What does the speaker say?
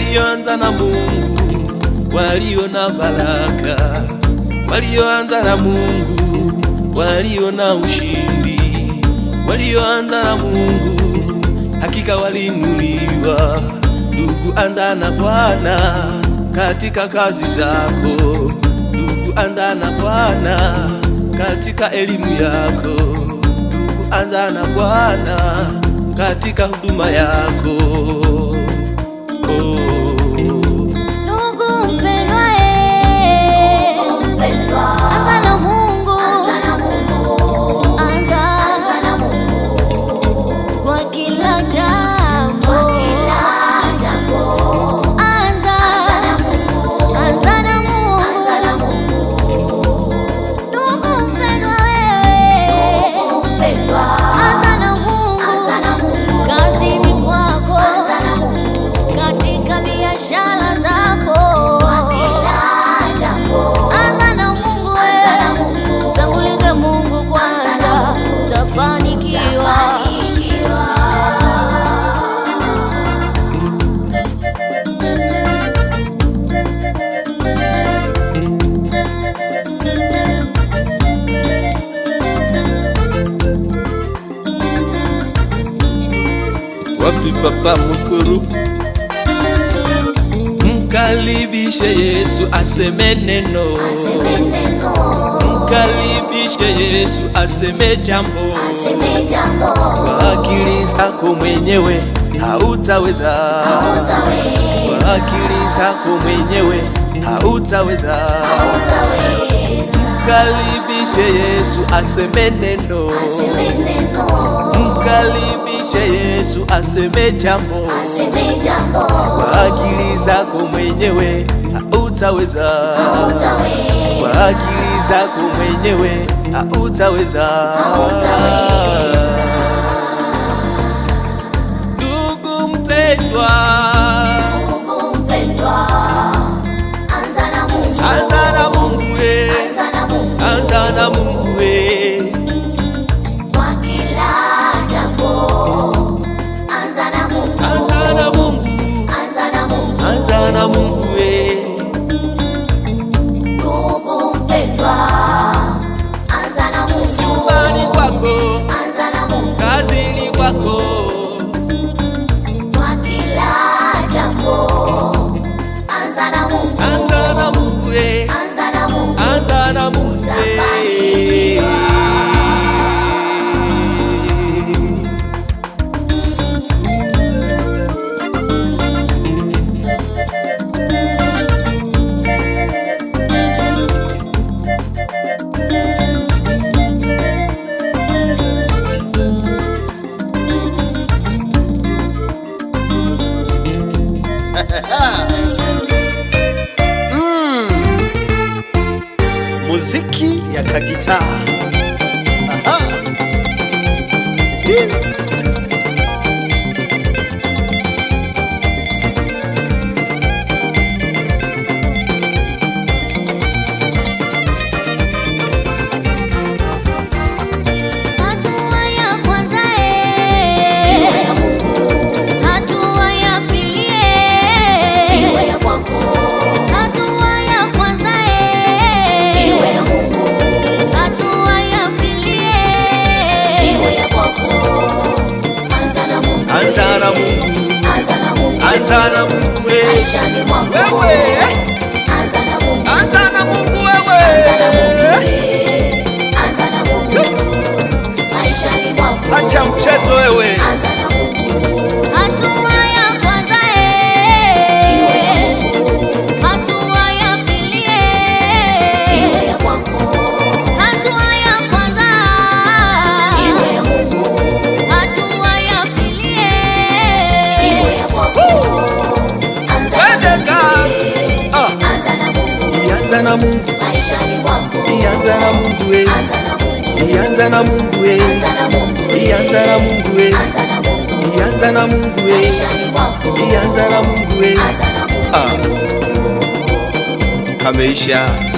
walioanza na Mungu walio na baraka, walioanza na Mungu walio na ushindi, walioanza na Mungu hakika walinuliwa. Ndugu, anza na Bwana katika kazi zako. Ndugu, anza na Bwana katika elimu yako. Ndugu, anza na Bwana katika huduma yako. papa mukuru mkalibishe Yesu aseme neno, mkalibishe Yesu aseme jambo, kwa akili zako mwenyewe hautaweza, kwa akili zako mwenyewe hautaweza. mkalibishe Yesu aseme neno Mkaribishe Yesu aseme jambo, aseme jambo. Kwa akili zako mwenyewe hautaweza, hautaweza. Kwa akili zako mwenyewe hautaweza, hautaweza. wako mm. Muziki ya kagitaa. Aha. Anza na Mungu wewe. Anza na Mungu. wewe. Acha mchezo wewe. na Mungu, ianza na Mungu, ianza na Mungu, ianza na Mungu, ianza na Mungu, ianza na Mungu. Ah. Kameisha.